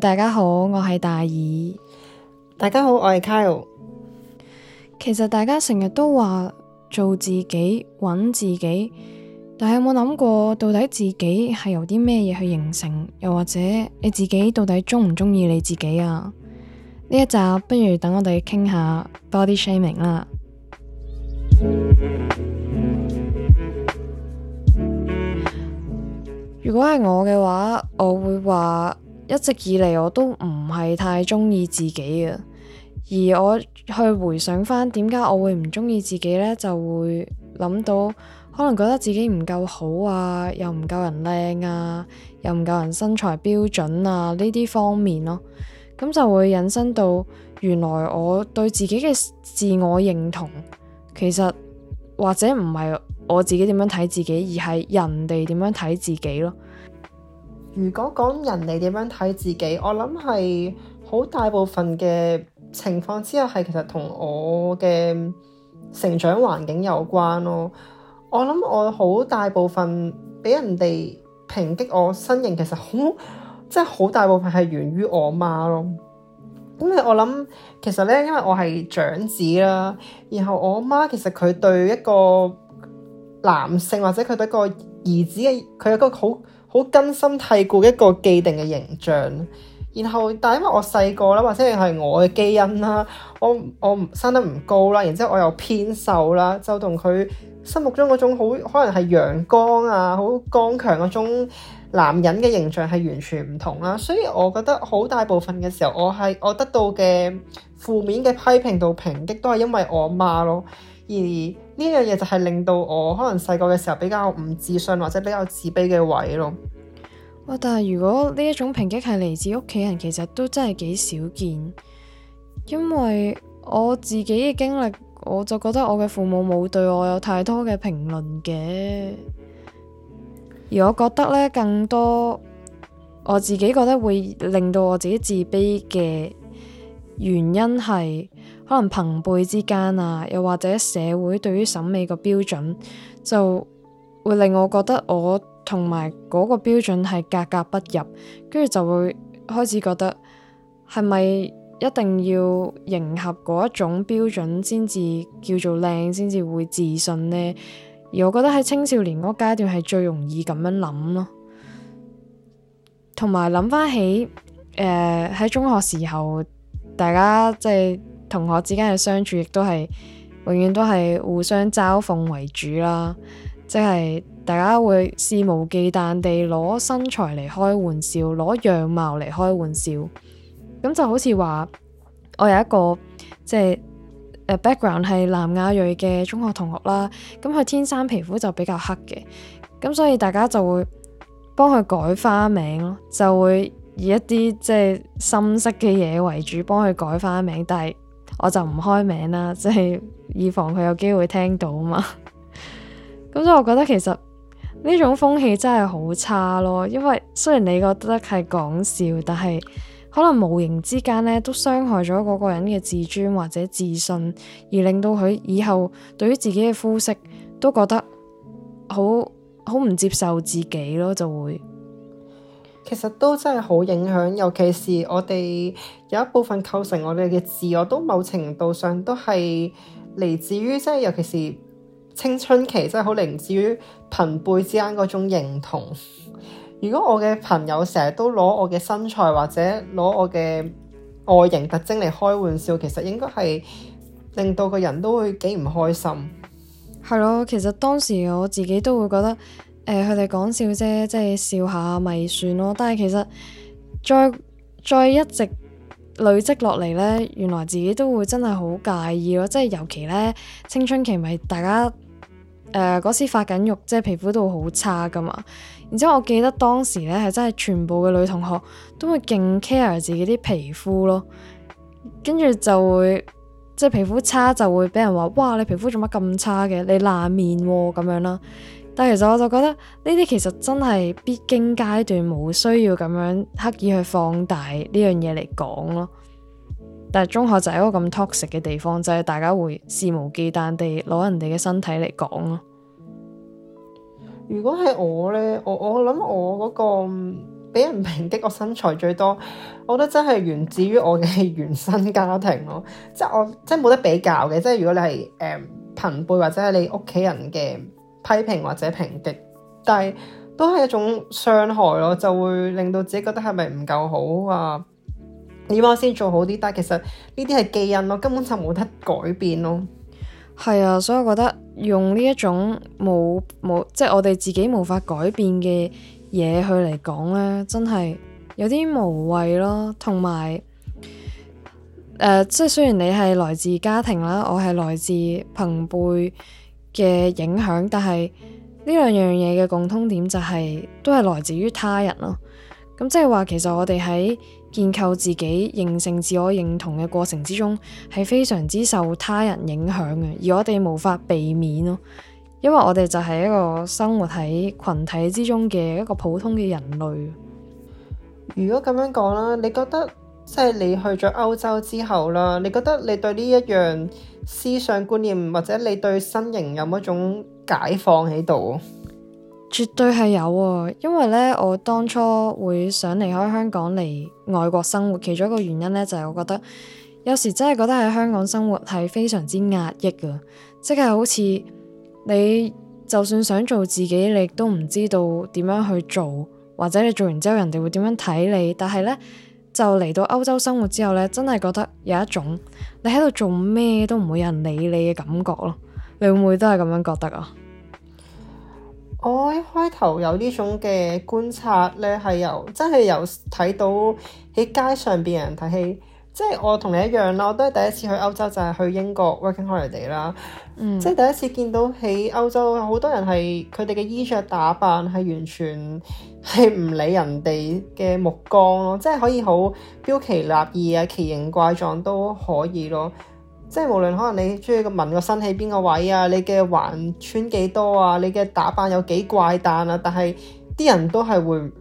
大家好，我係大耳。大家好，我係 Kyle。其實大家成日都話做自己，揾自己，但係有冇諗過，到底自己係由啲咩嘢去形成？又或者你自己到底中唔中意你自己啊？呢一集不如等我哋傾下 Body shaming 啦。 如果係我嘅話，我會話。一直以嚟我都唔係太中意自己嘅。而我去回想翻點解我會唔中意自己呢，就會諗到可能覺得自己唔夠好啊，又唔夠人靚啊，又唔夠人身材標準啊，呢啲方面咯，咁就會引申到原來我對自己嘅自我認同，其實或者唔係我自己點樣睇自己，而係人哋點樣睇自己咯。如果講人哋點樣睇自己，我諗係好大部分嘅情況之下係其實同我嘅成長環境有關咯。我諗我好大部分俾人哋抨擊我身形，其實好即係好大部分係源於我媽咯。咁我諗其實咧，因為我係長子啦，然後我阿媽其實佢對一個男性或者佢對一個兒子嘅佢有個好，好根深蒂固一個既定嘅形象，然後但係因為我細個啦，或者係我嘅基因啦，我我唔生得唔高啦，然之後我又偏瘦啦，就同佢心目中嗰種好可能係陽光啊，好剛強嗰種男人嘅形象係完全唔同啦，所以我覺得好大部分嘅時候，我係我得到嘅負面嘅批評到抨擊，都係因為我媽咯。而呢樣嘢就係令到我可能細個嘅時候比較唔自信或者比較自卑嘅位咯。哇！但係如果呢一種抨擊係嚟自屋企人，其實都真係幾少見。因為我自己嘅經歷，我就覺得我嘅父母冇對我有太多嘅評論嘅。而我覺得呢，更多我自己覺得會令到我自己自卑嘅原因係，可能朋輩之間啊，又或者社會對於審美個標準，就會令我覺得我同埋嗰個標準係格格不入，跟住就會開始覺得係咪一定要迎合嗰一種標準先至叫做靚，先至會自信呢？而我覺得喺青少年嗰個階段係最容易咁樣諗咯，同埋諗翻起誒喺、呃、中學時候，大家即係。同學之間嘅相處亦都係永遠都係互相嘲諷為主啦，即係大家會肆無忌憚地攞身材嚟開玩笑，攞樣貌嚟開玩笑。咁就好似話，我有一個即係誒 background 係南亞裔嘅中學同學啦，咁佢天生皮膚就比較黑嘅，咁所以大家就會幫佢改花名咯，就會以一啲即係深色嘅嘢為主幫佢改花名，但係。我就唔開名啦，即係以防佢有機會聽到嘛。咁 所以我覺得其實呢種風氣真係好差咯，因為雖然你覺得係講笑，但係可能無形之間呢都傷害咗嗰個人嘅自尊或者自信，而令到佢以後對於自己嘅膚色都覺得好好唔接受自己咯，就會。其實都真係好影響，尤其是我哋有一部分構成我哋嘅自我，都某程度上都係嚟自於，即係尤其是青春期，真係好嚟自於朋輩之間嗰種認同。如果我嘅朋友成日都攞我嘅身材或者攞我嘅外形特徵嚟開玩笑，其實應該係令到個人都會幾唔開心。係咯，其實當時我自己都會覺得。誒，佢哋講笑啫，即係笑下咪算咯。但係其實再再一直累積落嚟呢，原來自己都會真係好介意咯。即係尤其呢青春期，咪大家誒嗰、呃、時發緊肉，即係皮膚都會好差噶嘛。然之後我記得當時呢係真係全部嘅女同學都會勁 care 自己啲皮膚咯，跟住就會即係皮膚差就會俾人話，哇，你皮膚做乜咁差嘅？你爛面喎咁樣啦。但其實我就覺得呢啲其實真係必經階段，冇需要咁樣刻意去放大呢樣嘢嚟講咯。但係中學就係一個咁 toxic 嘅地方，就係、是、大家會肆無忌憚地攞人哋嘅身體嚟講咯。如果係我呢，我我諗我嗰個俾人評擊我身材最多，我覺得真係源自於我嘅原生家庭咯。即係我即係冇得比較嘅。即係如果你係誒朋輩或者係你屋企人嘅，批評或者評擊，但係都係一種傷害咯，就會令到自己覺得係咪唔夠好啊？你話先做好啲，但係其實呢啲係基因咯，根本就冇得改變咯。係啊，所以我覺得用呢一種冇冇，即係我哋自己無法改變嘅嘢去嚟講咧，真係有啲無謂咯。同埋誒，即係雖然你係來自家庭啦，我係來自朋輩嘅影響，但係呢兩樣嘢嘅共通點就係、是、都係來自於他人咯。咁即係話，其實我哋喺建構自己認性自我認同嘅過程之中，係非常之受他人影響嘅，而我哋無法避免咯，因為我哋就係一個生活喺群體之中嘅一個普通嘅人類。如果咁樣講啦，你覺得即係你去咗歐洲之後啦，你覺得你對呢一樣思想觀念或者你對身形有冇一種解放喺度？絕對係有啊，因為呢，我當初會想離開香港嚟外國生活，其中一個原因呢，就係我覺得有時真係覺得喺香港生活係非常之壓抑嘅，即係好似你就算想做自己，你都唔知道點樣去做，或者你做完之後人哋會點樣睇你，但係呢。就嚟到歐洲生活之後咧，真係覺得有一種你喺度做咩都唔會有人理你嘅感覺咯。你會唔會都係咁樣覺得啊？我一開頭有呢種嘅觀察咧，係由真係由睇到喺街上邊人睇戲。即係我同你一樣啦，我都係第一次去歐洲，就係、是、去英國 working holiday 啦。嗯，即係第一次見到喺歐洲好多人係佢哋嘅衣着打扮係完全係唔理人哋嘅目光咯，即係可以好標奇立異啊，奇形怪狀都可以咯。即係無論可能你中意個紋個身喺邊個位啊，你嘅環穿幾多啊，你嘅打扮有幾怪誕、呃、啊，但係啲人都係會誒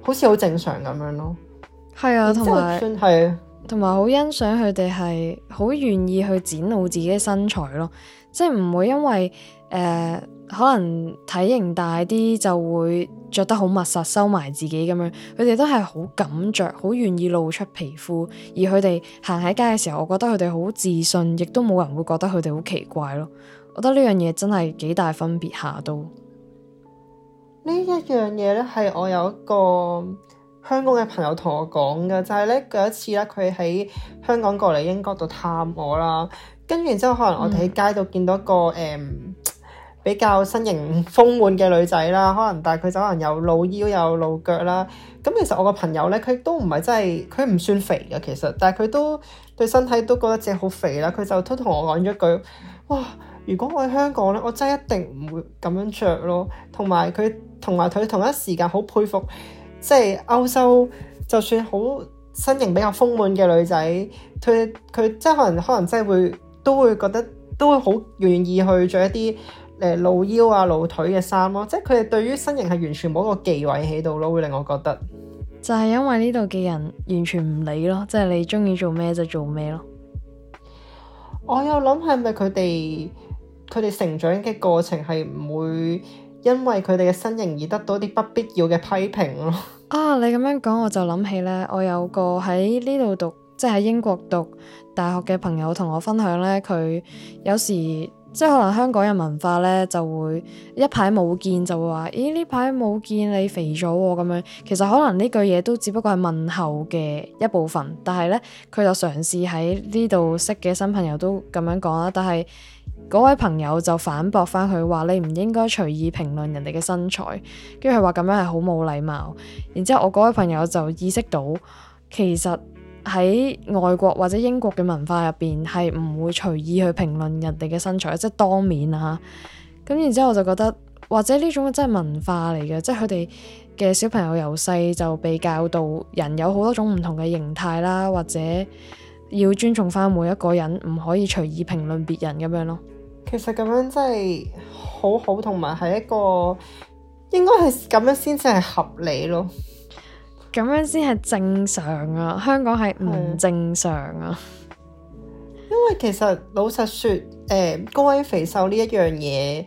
好似好正常咁樣咯，係啊，同埋係啊。同埋好欣賞佢哋係好願意去展露自己嘅身材咯，即係唔會因為誒、呃、可能體型大啲就會着得好密實，收埋自己咁樣，佢哋都係好敢着，好願意露出皮膚。而佢哋行喺街嘅時候，我覺得佢哋好自信，亦都冇人會覺得佢哋好奇怪咯。我覺得呢樣嘢真係幾大分別下都呢一樣嘢咧，係我有一個香港嘅朋友同我講嘅就係、是、咧，有一次咧，佢喺香港過嚟英國度探我啦，跟住然之後，可能我哋喺街度見到一個、嗯嗯、比較身形豐滿嘅女仔啦，可能但係佢可能又露腰又露腳啦。咁其實我個朋友咧，佢都唔係真係，佢唔算肥嘅其實，但係佢都對身體都覺得自己好肥啦。佢就都同我講咗句，哇！如果我喺香港咧，我真係一定唔會咁樣着咯。同埋佢同埋佢同一時間好佩服。即係歐洲，就算好身形比較豐滿嘅女仔，佢佢即係可能可能真係會都會覺得都會好願意去着一啲誒、呃、露腰啊露腿嘅衫咯。即係佢哋對於身形係完全冇一個忌諱喺度咯，會令我覺得就係因為呢度嘅人完全唔理咯，即係你中意做咩就做咩咯。我又諗係咪佢哋佢哋成長嘅過程係唔會？因為佢哋嘅身形而得到啲不必要嘅批評咯。啊，你咁樣講，我就諗起咧，我有個喺呢度讀，即係喺英國讀大學嘅朋友同我分享咧，佢有時即係可能香港嘅文化咧，就會一排冇見就會話，咦呢排冇見你肥咗喎咁樣。其實可能呢句嘢都只不過係問候嘅一部分，但係咧，佢就嘗試喺呢度識嘅新朋友都咁樣講啦。但係。嗰位朋友就反駁返佢話：你唔應該隨意評論人哋嘅身材，跟住佢話咁樣係好冇禮貌。然之後我嗰位朋友就意識到，其實喺外國或者英國嘅文化入邊係唔會隨意去評論人哋嘅身材，即係當面啊。咁然之後我就覺得，或者呢種真係文化嚟嘅，即係佢哋嘅小朋友由細就被教導，人有好多種唔同嘅形態啦，或者要尊重翻每一個人，唔可以隨意評論別人咁樣咯。其實咁樣真係好好，同埋係一個應該係咁樣先至係合理咯。咁樣先係正常啊，香港係唔正常啊。 因為其實老實說，誒、欸、高矮肥瘦呢一樣嘢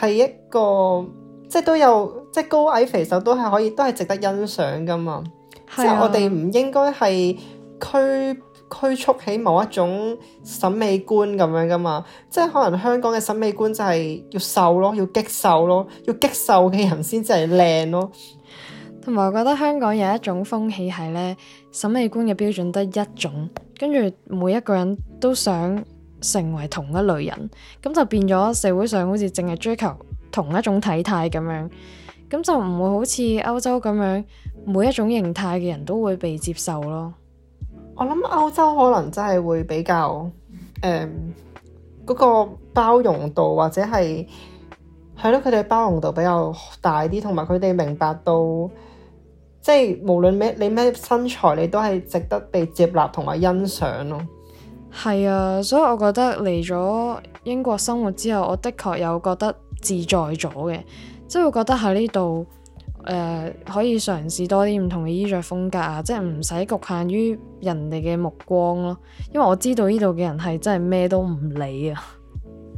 係一個即係都有，即係高矮肥瘦都係可以，都係值得欣賞噶嘛。啊、即係我哋唔應該係區。驅促起某一種審美觀咁樣噶嘛，即係可能香港嘅審美觀就係要瘦咯，要激瘦咯，要激瘦嘅人先真係靚咯。同埋我覺得香港有一種風氣係呢，審美觀嘅標準得一種，跟住每一個人都想成為同一類人，咁就變咗社會上好似淨係追求同一種體態咁樣，咁就唔會好似歐洲咁樣，每一種形態嘅人都會被接受咯。我諗歐洲可能真係會比較，誒，嗰個包容度或者係係咯，佢哋包容度比較大啲，同埋佢哋明白到，即係無論咩你咩身材，你都係值得被接納同埋欣賞咯。係啊，所以我覺得嚟咗英國生活之後，我的確有覺得自在咗嘅，即係會覺得喺呢度。誒、呃，可以嘗試多啲唔同嘅衣着風格啊，即係唔使局限於人哋嘅目光咯。因為我知道呢度嘅人係真係咩都唔理啊，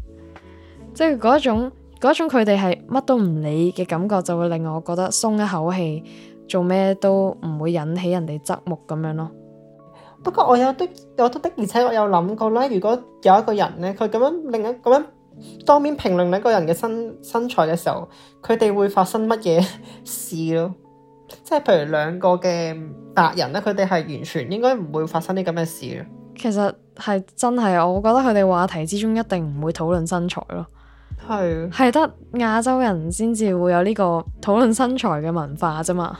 即係嗰種嗰種佢哋係乜都唔理嘅感覺，就會令我覺得鬆一口氣，做咩都唔會引起人哋側目咁樣咯。不過我有的，我都的，而且我有諗過啦，如果有一個人咧，佢咁樣，另一咁樣，當面評論兩個人嘅身身材嘅時候，佢哋會發生乜嘢事咯？即係譬如兩個嘅白人咧，佢哋係完全應該唔會發生啲咁嘅事咯。其實係真係，我覺得佢哋話題之中一定唔會討論身材咯。係係得亞洲人先至會有呢個討論身材嘅文化啫嘛。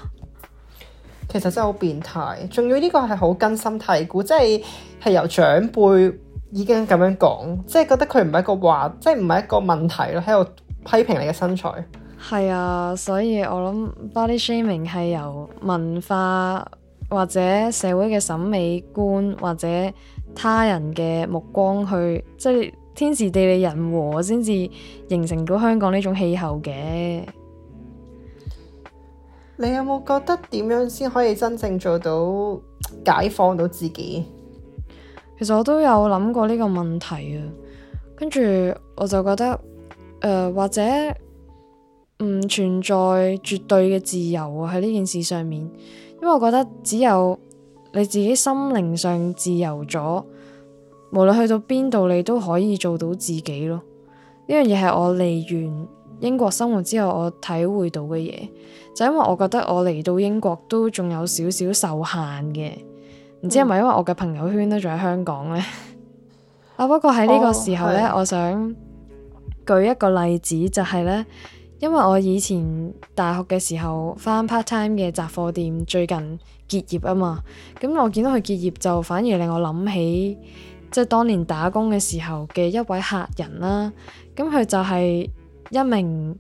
其實真係好變態，仲要呢個係好根深蒂固，即係係由長輩。已經咁樣講，即係覺得佢唔係一個話，即係唔係一個問題咯，喺度批評你嘅身材。係啊，所以我諗 body shaming 係由文化或者社會嘅審美觀或者他人嘅目光去，即係天時地利人和先至形成到香港呢種氣候嘅。你有冇覺得點樣先可以真正做到解放到自己？其實我都有諗過呢個問題啊，跟住我就覺得，誒、呃、或者唔存在絕對嘅自由啊喺呢件事上面，因為我覺得只有你自己心靈上自由咗，無論去到邊度你都可以做到自己咯。呢樣嘢係我嚟完英國生活之後我體會到嘅嘢，就是、因為我覺得我嚟到英國都仲有少少受限嘅。唔知係咪因為我嘅朋友圈都仲喺香港呢？啊？ 不過喺呢個時候呢，oh, yes. 我想舉一個例子，就係、是、呢：因為我以前大學嘅時候返 part time 嘅雜貨店，最近結業啊嘛。咁我見到佢結業，就反而令我諗起即係、就是、當年打工嘅時候嘅一位客人啦。咁佢就係一名。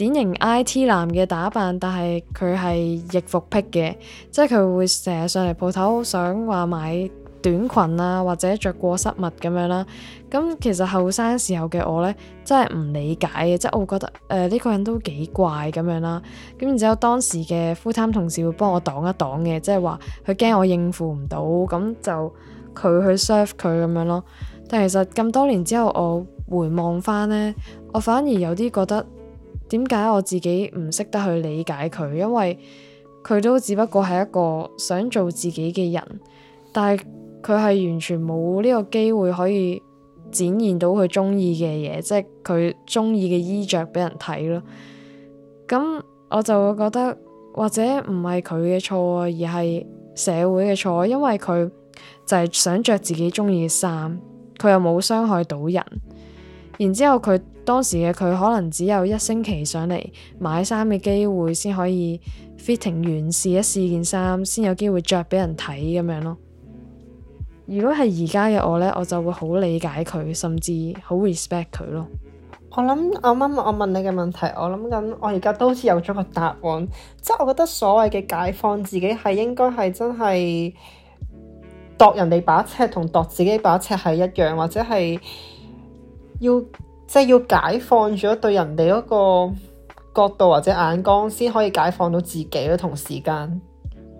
典型 I.T. 男嘅打扮，但係佢係易服癖嘅，即係佢會成日上嚟鋪頭，想話買短裙啊，或者着過濕襪咁樣啦。咁其實後生時候嘅我呢，真係唔理解嘅，即係我覺得誒呢、呃這個人都幾怪咁樣啦。咁然之後當時嘅 full time 同事會幫我擋一擋嘅，即係話佢驚我應付唔到，咁就佢去 serve 佢咁樣咯。但其實咁多年之後，我回望翻呢，我反而有啲覺得。點解我自己唔識得去理解佢？因為佢都只不過係一個想做自己嘅人，但係佢係完全冇呢個機會可以展現到佢中意嘅嘢，即係佢中意嘅衣着俾人睇咯。咁我就會覺得，或者唔係佢嘅錯，而係社會嘅錯，因為佢就係想着自己中意嘅衫，佢又冇傷害到人，然之後佢。當時嘅佢可能只有一星期上嚟買衫嘅機會，先可以 fitting 完試一試件衫，先有機會着俾人睇咁樣咯。如果係而家嘅我呢，我就會好理解佢，甚至好 respect 佢咯。我諗啱啱我問你嘅問題，我諗緊我而家都好似有咗個答案，即係我覺得所謂嘅解放自己係應該係真係度人哋把尺同度自己把尺係一樣，或者係要。即係要解放咗對人哋嗰個角度或者眼光，先可以解放到自己咯，同時間。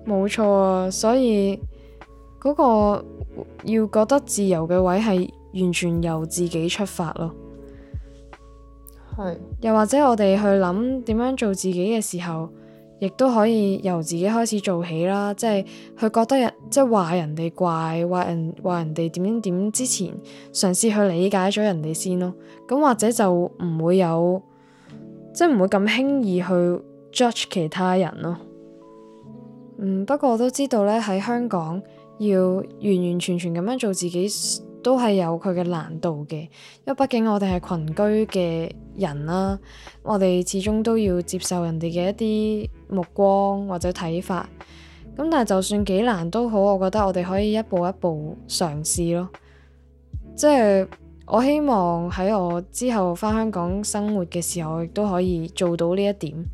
冇錯啊，所以嗰個要覺得自由嘅位係完全由自己出發咯。係。又或者我哋去諗點樣做自己嘅時候。亦都可以由自己開始做起啦，即係佢覺得人即係話人哋怪，話人話人哋點點點，之前嘗試去理解咗人哋先咯，咁或者就唔會有即係唔會咁輕易去 judge 其他人咯。嗯，不過我都知道呢，喺香港要完完全全咁樣做自己。都係有佢嘅難度嘅，因為畢竟我哋係群居嘅人啦，我哋始終都要接受人哋嘅一啲目光或者睇法。咁但係就算幾難都好，我覺得我哋可以一步一步嘗試咯。即係我希望喺我之後返香港生活嘅時候，亦都可以做到呢一點，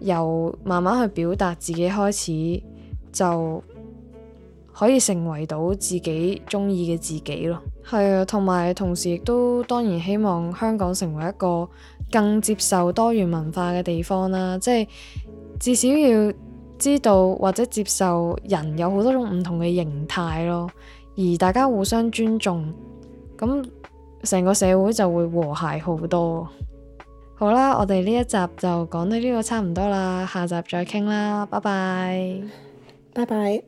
由慢慢去表達自己開始就，可以成為到自己中意嘅自己咯，係啊，同埋同時亦都當然希望香港成為一個更接受多元文化嘅地方啦，即係至少要知道或者接受人有好多種唔同嘅形態咯，而大家互相尊重，咁成個社會就會和諧好多。好啦，我哋呢一集就講到呢個差唔多啦，下集再傾啦，拜拜，拜拜。